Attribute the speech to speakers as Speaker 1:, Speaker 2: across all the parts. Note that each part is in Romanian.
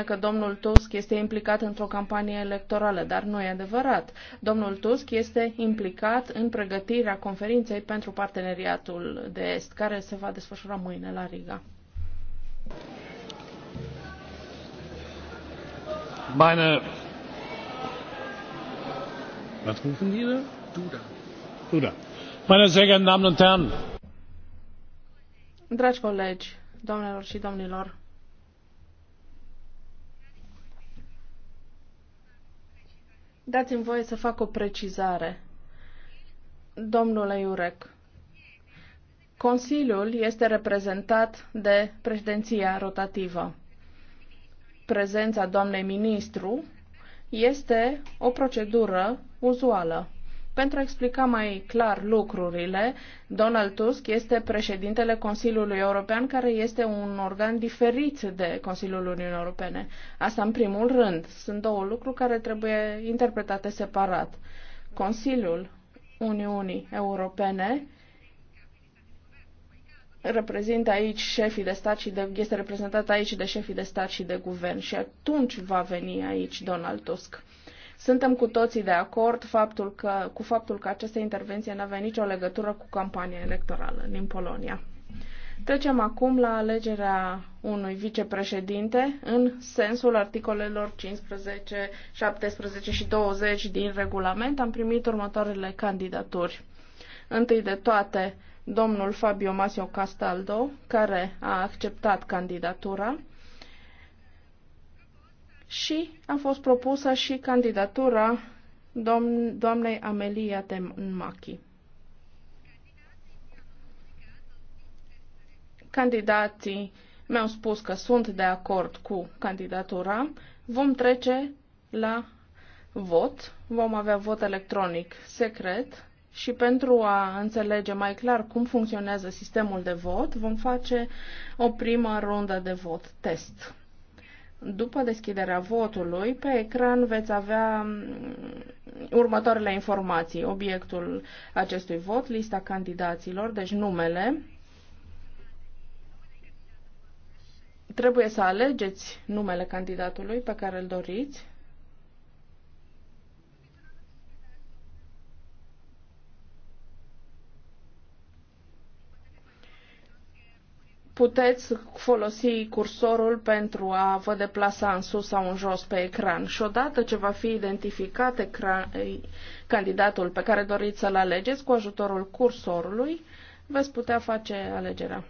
Speaker 1: spune că domnul Tusk este implicat într-o campanie electorală, dar nu e adevărat. Domnul Tusk este implicat în pregătirea conferinței pentru parteneriatul de est, care se va desfășura mâine la Riga. Meine Was rufen die da? Duda. Duda. Meine sehr geehrten Damen und Herren. Dragi colegi, doamnelor și domnilor, Dați-mi voie să fac o precizare. Domnule Iurec, Consiliul este reprezentat de președinția rotativă. Prezența doamnei ministru este o procedură uzuală. Pentru a explica mai clar lucrurile, Donald Tusk este președintele Consiliului European, care este un organ diferit de Consiliul Uniunii Europene. Asta în primul rând. Sunt două lucruri care trebuie interpretate separat. Consiliul Uniunii Europene reprezintă aici șefii de stat și de, este reprezentat aici de șefii de stat și de guvern și atunci va veni aici Donald Tusk. Suntem cu toții de acord faptul că, cu faptul că această intervenție nu avea nicio legătură cu campania electorală din Polonia. Trecem acum la alegerea unui vicepreședinte în sensul articolelor 15, 17 și 20 din regulament. Am primit următoarele candidaturi. Întâi de toate, domnul Fabio Masio Castaldo, care a acceptat candidatura și a fost propusă și candidatura doamnei Amelia Temmachi. Candidații mi-au spus că sunt de acord cu candidatura. Vom trece la vot. Vom avea vot electronic secret și pentru a înțelege mai clar cum funcționează sistemul de vot, vom face o primă rundă de vot test. După deschiderea votului, pe ecran veți avea mm, următoarele informații. Obiectul acestui vot, lista candidaților, deci numele. Trebuie să alegeți numele candidatului pe care îl doriți. puteți folosi cursorul pentru a vă deplasa în sus sau în jos pe ecran și odată ce va fi identificat ecran, candidatul pe care doriți să-l alegeți cu ajutorul cursorului, veți putea face alegerea.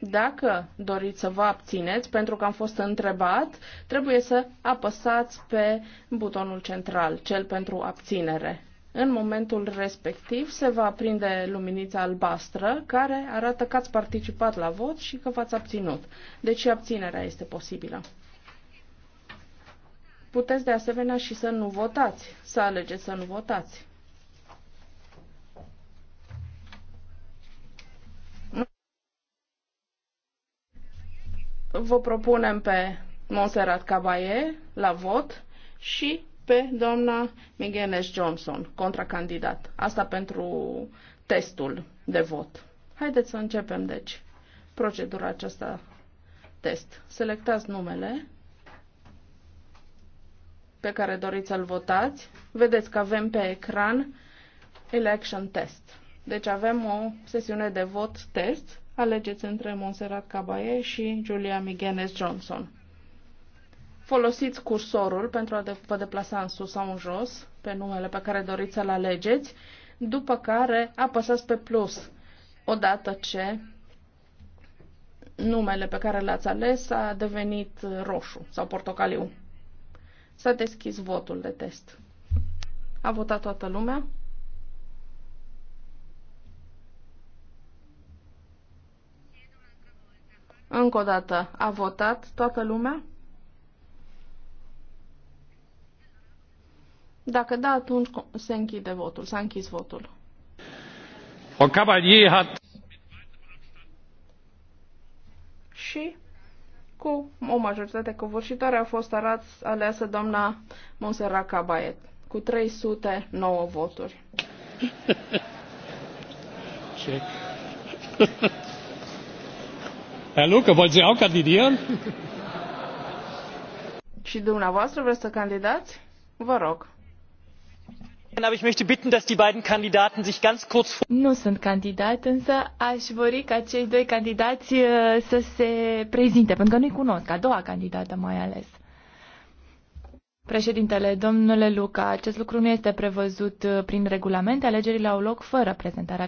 Speaker 1: Dacă doriți să vă abțineți, pentru că am fost întrebat, trebuie să apăsați pe butonul central, cel pentru abținere. În momentul respectiv se va aprinde luminița albastră care arată că ați participat la vot și că v-ați abținut. Deci abținerea este posibilă. Puteți de asemenea și să nu votați, să alegeți să nu votați. Vă propunem pe Monserrat Cabaye la vot și pe doamna Migenes Johnson, contracandidat. Asta pentru testul de vot. Haideți să începem, deci, procedura aceasta test. Selectați numele pe care doriți să-l votați. Vedeți că avem pe ecran Election Test. Deci avem o sesiune de vot test. Alegeți între Monserrat Cabaye și Julia Migenes Johnson folosiți cursorul pentru a vă deplasa în sus sau în jos pe numele pe care doriți să-l alegeți, după care apăsați pe plus odată ce numele pe care l-ați ales a devenit roșu sau portocaliu. S-a deschis votul de test. A votat toată lumea? Încă o dată, a votat toată lumea? Dacă da, atunci se închide votul. S-a închis votul. Frau hat... Și cu o majoritate covârșitoare a fost arați aleasă doamna Monserrat Cabaiet cu 309 voturi. Ce? Herr Luca, wollen Sie auch kandidieren? Și dumneavoastră vreți să candidați? Vă rog. Nu sunt candidat, însă aș vori ca cei doi candidați uh, să se prezinte, pentru că nu-i cunosc, a doua candidată mai ales. Președintele, domnule Luca, acest lucru nu este prevăzut uh, prin regulament. Alegerile au loc fără prezentarea